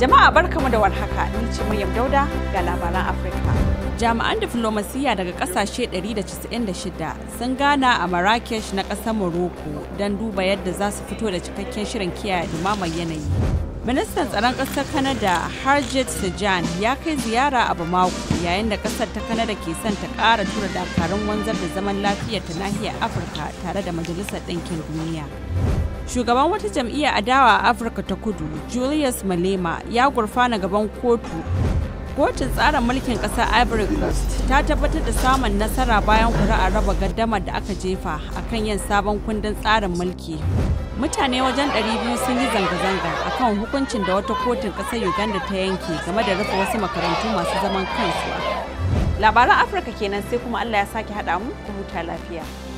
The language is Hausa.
Jama'a barkamu da warhaka ni ce Maryam Dauda ga labaran Afirka. Jami'an diflomasiyya daga kasashe 196 sun gana a Marrakesh na ƙasar Morocco don duba yadda za su fito da cikakken shirin kiyaye dumamar yanayi. Ministan tsaron ƙasar Kanada Harjit Sajjan ya kai ziyara a Bamako yayin da ƙasar ta Kanada ke son ta ƙara tura dakarun wanzar da zaman lafiya ta nahiyar Afirka tare da Majalisar Ɗinkin Duniya. shugaban wata a adawa a afirka ta kudu julius malema ya gurfana gaban kotu kotun tsarin mulkin ƙasar ivory coast ta tabbatar da samun nasara bayan kuri'a raba gaddamar da aka jefa akan yin sabon kundin tsarin mulki mutane wajen 200 sun yi zanga-zanga akan hukuncin da wata kotun ƙasar uganda ta yanke game da rufe wasu makarantu masu zaman kansu labaran afirka kenan sai kuma allah ya sake haɗa mu ku huta lafiya